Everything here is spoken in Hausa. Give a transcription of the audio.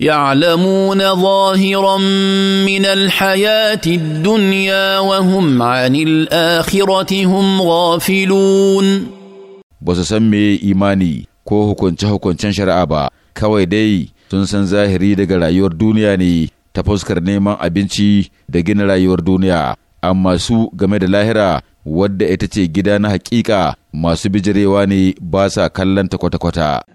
يعلمون ظاهرا من الحياه الدنيا wa عن الاخره هم غافلون ba su san me imani ko hukunce-hukuncen shari'a ba kawai dai sun san zahiri daga rayuwar duniya ne ta fuskar neman abinci da gina rayuwar duniya amma su game da lahira wadda ita ce gida na hakika masu bijirewa ne ba sa kallon ta kwata-kwata